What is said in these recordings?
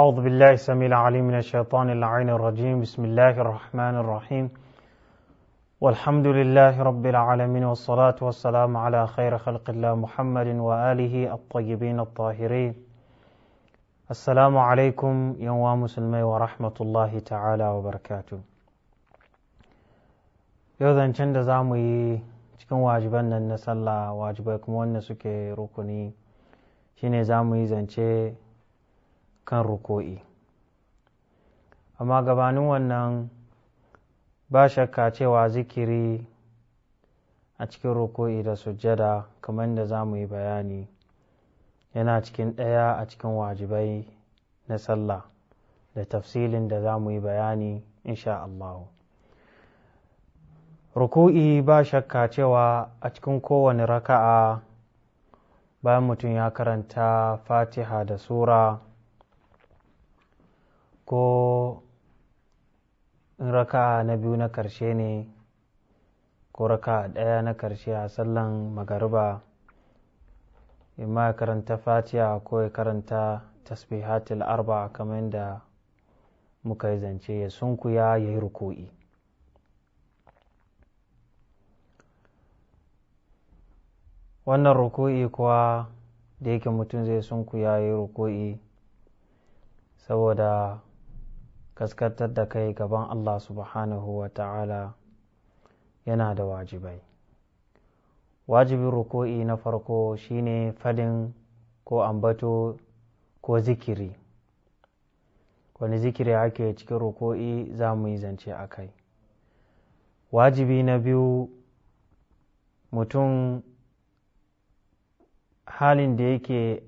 أعوذ بالله السميع العليم من الشيطان اللعين الرجيم بسم الله الرحمن الرحيم والحمد لله رب العالمين والصلاة والسلام على خير خلق الله محمد وآله الطيبين الطاهرين السلام عليكم يوم مسلمي ورحمة الله تعالى وبركاته يوضا نشند زامي تكون واجبان nan واجبكم sallah wajibai شيني wanda suke kan rukoi, amma gabanin wannan ba shakka cewa zikiri a cikin rukoi da sujjada kamar da za mu yi bayani yana cikin ɗaya a cikin wajibai na sallah da tafsilin da za mu yi bayani insha Allah. ruku'i ba shakka cewa a cikin kowane raka'a bayan mutum ya karanta fatiha da sura ko in raka na biyu na karshe ne ko raka ɗaya na karshe a sallan magariba imma ya karanta fatiha ko ya karanta tasbihatul arba kamar yadda muka yi zance ya sunkuya ya yi ruku'i wannan ruku'i kuwa da yake mutum zai sunkuya ya yi ruku'i saboda kaskantar da kai gaban Allah subhanahu wa ta'ala yana da wajibai wajibin ruku'i na farko shine fadin ko ambato ko zikiri wani zikiri ake cikin ruku'i za mu yi zance a kai wajibi na biyu mutum halin da yake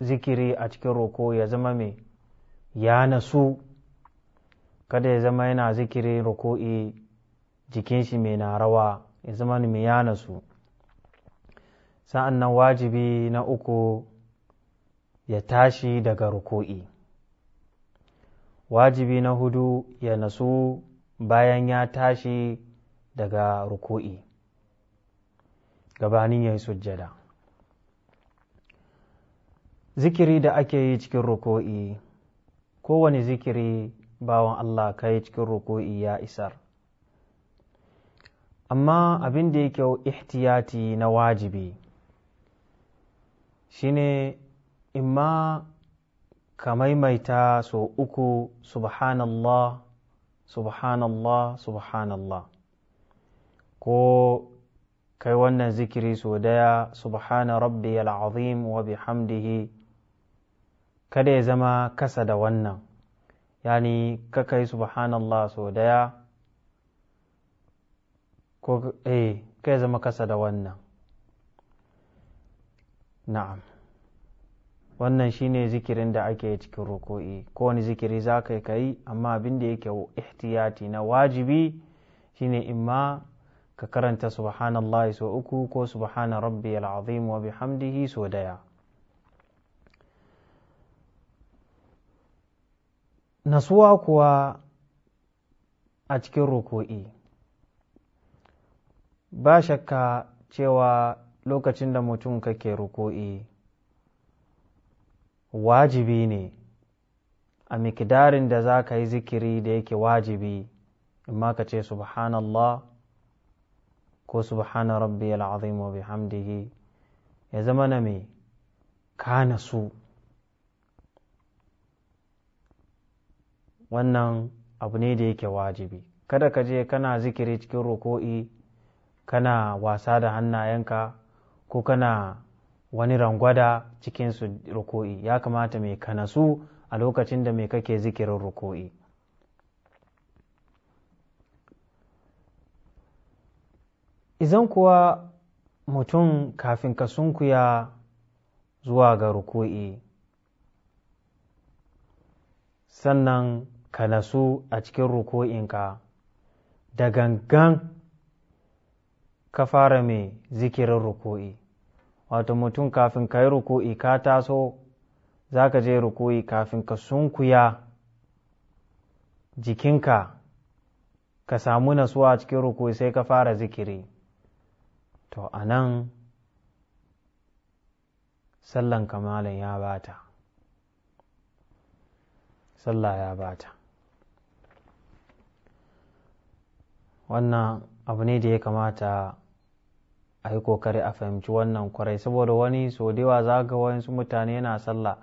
zikiri a cikin roko ya zama mai ya nasu kada ya zama yana zikirin ruku'i jikin shi mai na rawa ya zama mai yana su sa'an nan wajibi na uku ya tashi daga ruku'i wajibi na hudu ya nasu bayan ya tashi daga ruku'i gabanin ya yi sujjada zikiri da ake yi cikin ruku'i kowane zikiri bawan Allah yi cikin ruku'i ya isar amma abin da yake ihtiyati na wajibi shine imma ka maimaita so uku subhanallah subhanallah subhanallah ko kai wannan zikiri so daya subhana rabbiyal azim wa bihamdihi kada ya zama kasa da wannan yani ka kai subhanallah so daya ko eh kai zama kasa da wannan na'am wannan shine zikirin da ake cikin ruku'i kowane zikiri za ka kai amma abin da yake ihtiyati na wajibi shine imma ka karanta subhanallah so uku ko subhana rabbiyal azim wa bihamdihi so daya nasuwa kuwa a cikin ruku'i ba shakka cewa lokacin da mutum kake ruku'i wajibi ne a mikidarin da za ka yi zikiri da yake wajibi in ma ka ce subhanallah ko subhana rabbi al'azim wa bihamdihi ya zama na mai ka nasu wannan abu ne da yake wajibi kada ka je kana zikiri cikin roko'i kana wasa da hannayenka ko kana wani rangwada cikin su ruko'i ya kamata mai kanasu a lokacin da mai kake zikirin ruko'i izan kuwa mutum kafin ka sunkuya zuwa ga ruko'i sannan ka nasu a cikin ruko’inka, da gangan ka fara mai zikirin ruko'i wato mutum kafin ka yi ruko’i ka taso za ka je ruko’i kafin ka sunkuya jikinka ka samu nasu a cikin ruko'i sai ka fara zikiri to a nan sallan kamalin ya bata sallah ya bata wannan abu ne da ya kamata a yi kokari a fahimci wannan kwarai saboda wani so da yawa za ga wayansu mutane yana sallah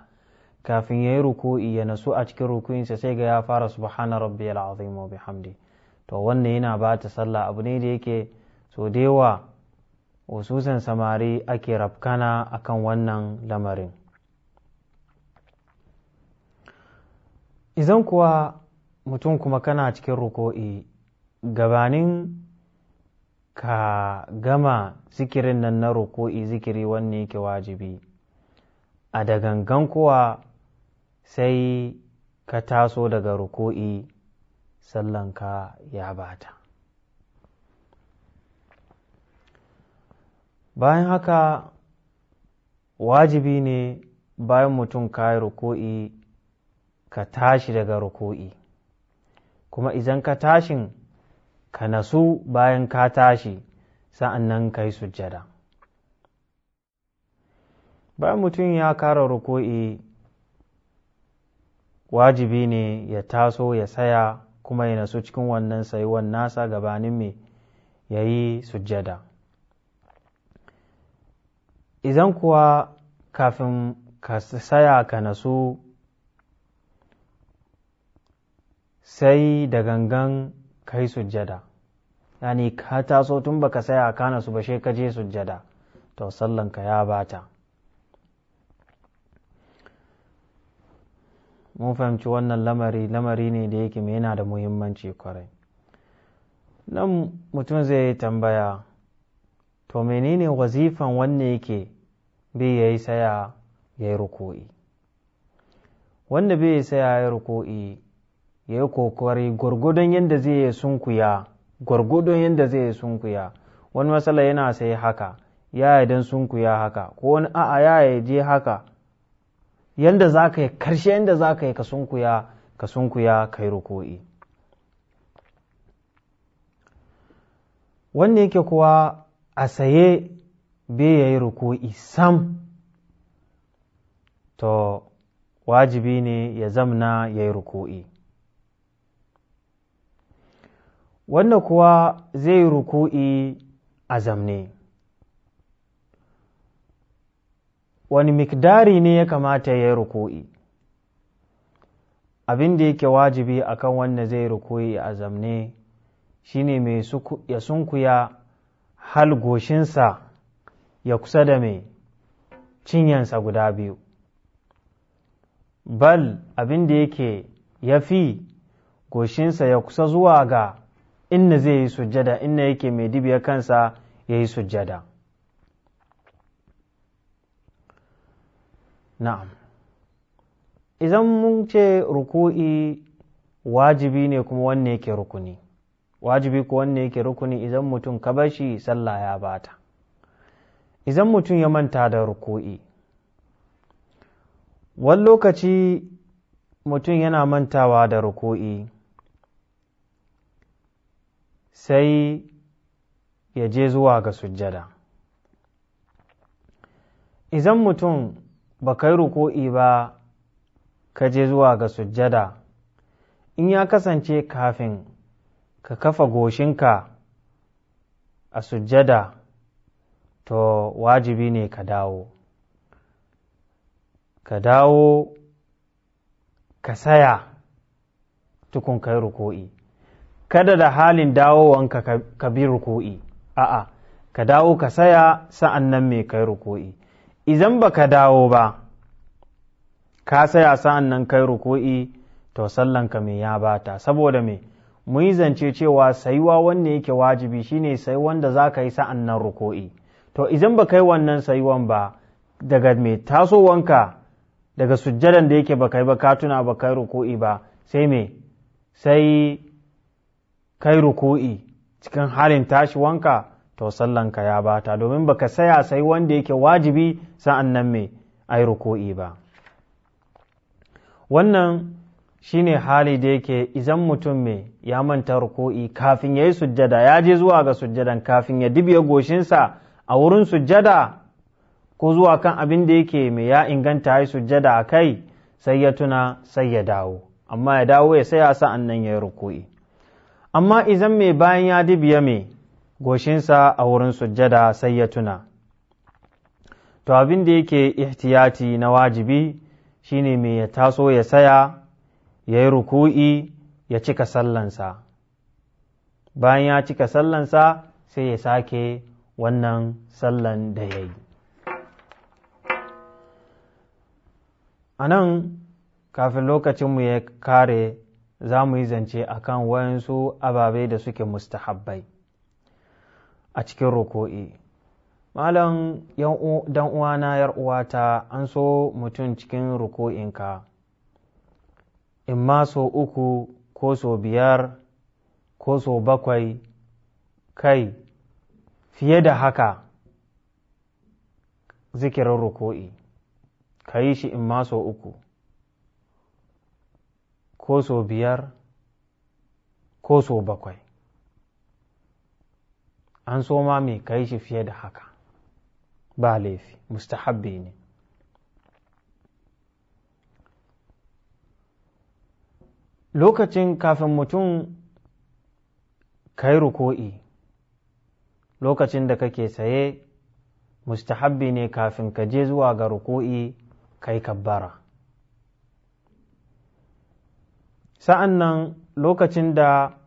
kafin ya yi ruku'i ya nasu a cikin ruku'insa sai ga ya fara subhana rabbiyal azim wa bihamdi to wannan yana ba ta sallah abu ne da yake so da yawa ususan samari ake rafkana akan wannan lamarin idan kuwa mutum kuma kana cikin ruku'i gabanin ka gama zikirin nan na roko'i zikiri wanne yake wajibi a da gangan kuwa sai ka taso daga roko'i sallanka ya bata bayan haka wajibi ne bayan mutum ka yi roko'i ka tashi daga roko'i kuma izan ka tashin ka nasu bayan ka tashi sa'an nan ka yi sujjada bayan mutum ya kara ruku'i wajibi ne ya taso ya saya kuma ya nasu cikin wannan sayuwan nasa gabanin mai ya yi sujjada Izan kuwa kafin ka saya ka nasu sai da gangan kai sujjada yani ka taso tun baka saya kana su ba ka je sujjada to sallanka ya bata mun fahimci wannan lamari lamari ne da yake mai yana da muhimmanci kwarai nan mutum zai yi tambaya to menene wazifan wanne yake bai ya yi saya ya yi ruku'i wanda bai saya ya yi ruku'i ya yi kokari gwargwadon yadda zai yi sunkuya gwargwadon yadda zai yi sunkuya wani matsala yana sai haka ya yi don sunkuya haka ko wani a'a ya yi je haka yadda za ka yi karshe yadda za ka yi ka sunkuya ka sunkuya ka yi ruku'i wanda yake kuwa a saye bai ya yi ruku'i sam to wajibi ne ya zamna ya yi ruku'i wanda kuwa zai ruku'i a zamne wani mikdari ne ya kamata ya ruku'i abin da yake wajibi a kan wanda zai ruku'i a zamne shine mai ya sunkuya hal goshinsa ya kusa da mai cinyansa guda biyu bal abin da yake ya fi goshinsa ya kusa zuwa ga inna zai yi sujjada inna yake mai dibiya kansa ya yi sujjada na'am idan mun ce ruku'i wajibi ne kuma wanne yake rukuni wajibi ko wanne yake rukuni idan mutum ka bashi sallah ya bata idan mutum ya manta da ruku'i wani lokaci mutum yana mantawa da ruku'i sai ya je zuwa ga sujjada izan mutum ba kai ruko'i ba ka je zuwa ga sujjada in ya kasance kafin ka kafa goshinka a sujjada to wajibi ne ka dawo ka dawo ka saya tukun kai ruko'i kada da halin dawowanka ka bi ruku'i a'a ka dawo ka saya sa'an nan mai kai ruku'i Izan ba ka dawo ba ka saya sa'an nan kai ruku'i to sallanka mai ya bata saboda me mu yi zance cewa sayuwa wanne yake wajibi shine sai wanda za ka yi sa'an nan ruku'i to idan ba kai wannan sayuwan ba daga mai tasowanka daga sujjadan da yake ba kai ba ka tuna ba kai ruku'i ba sai me sai kai ruku'i cikin halin tashi wanka to sallanka ya bata domin baka saya sai wanda yake wajibi sa'an nan mai ai ruku'i ba wannan shine hali da yake izan mutum mai ya manta ruku'i kafin ya yi sujjada ya je zuwa ga sujjadan kafin ya dibiya goshinsa a wurin sujjada ko zuwa kan abin da yake mai ya inganta ya yi sujjada a kai sai ya tuna sai ya dawo amma ya dawo ya saya sa'an nan ya yi ruku'i amma izan mai bayan ya dibiya mai goshinsa a wurin sujjada sai ya tuna to abin da yake ihtiyati na wajibi shine mai ya taso ya saya ya yi ruku'i ya cika sallansa bayan ya cika sallansa sai ya sake wannan sallan da ya yi a nan kafin lokacinmu ya kare za mu yi zance a kan wayansu ababe da suke mustahabbai a cikin roko'i malam dan uwana yar uwata an so mutum cikin roko'inka in ma so uku ko so biyar ko so bakwai kai fiye da haka zikirin roko'i ka yi shi in ma so uku ko so biyar ko so bakwai an so ma mai kai shi fiye da haka ba laifi mustahabbi ne lokacin kafin mutum kai ruko'i lokacin da kake saye mustahabbi ne kafin ka je zuwa ga ruko'i kai kabbara sa'an nan lokacin da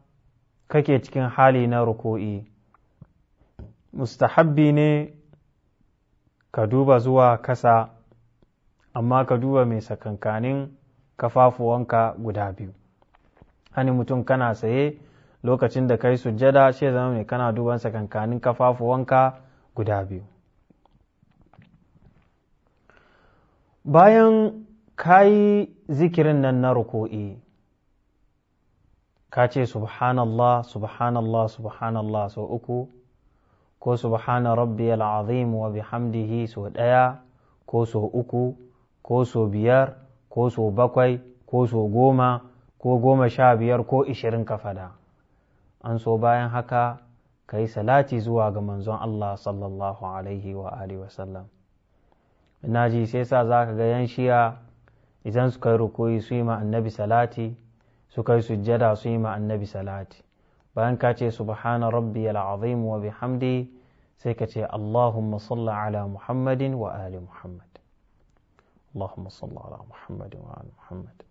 kake cikin hali na ruku'i mustahabbi ne ka duba zuwa kasa amma ka duba mai sakankanin kafafuwanka guda biyu hani mutum kana saye lokacin da kai sujjada shi zama mai kana duban sakankanin kafafuwanka guda biyu bayan ka yi zikirin nan na ruku'i ka ce subhanallah subhanallah subhanallah sau uku ko subhana rabbiyal azim wa bihamdihi sau ɗaya ko sau uku ko sau biyar ko sau bakwai ko sau goma ko goma sha biyar ko ishirin ka fada an so bayan haka ka yi salati zuwa ga manzon Allah sallallahu alaihi wa alihi wasallam ina ji sai sa za ka ga yan shiya idan suka yi rukuyi su yi ma annabi salati suka yi sujjada su yi ma annabi salati bayan ka ce subhana rabbiyal azim wa bihamdi sai ka ce allahumma salli ala muhammadin wa ali muhammad allahumma salli ala muhammadin wa ali muhammad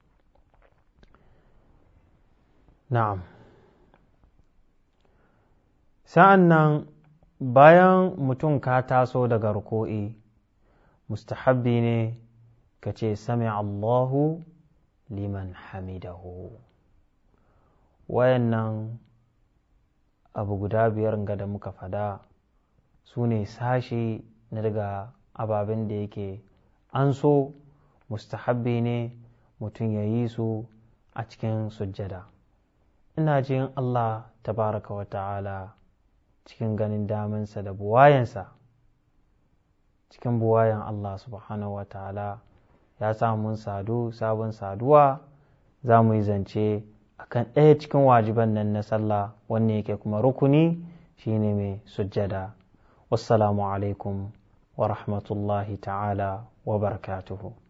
na'am sa'an nan bayan mutum ka taso daga ruko'i mustahabbi ne ka ce sami allahu liman hamidahu wayannan abu guda biyar ga da muka faɗa su ne sashe na daga ababen da yake an so mustahabbi ne mutum ya yi su a cikin sujjada ina jin allah tabaraka wa ta'ala cikin ganin damansa da buwayensa cikin buwayen allah subhanahu wa ta'ala ya sa mun sadu sabon saduwa za mu yi zance akan ɗaya cikin wajiban nan na sallah wanne yake kuma rukuni shine mai sujjada wassalamu alaikum wa rahmatullahi ta'ala wa barakatuhu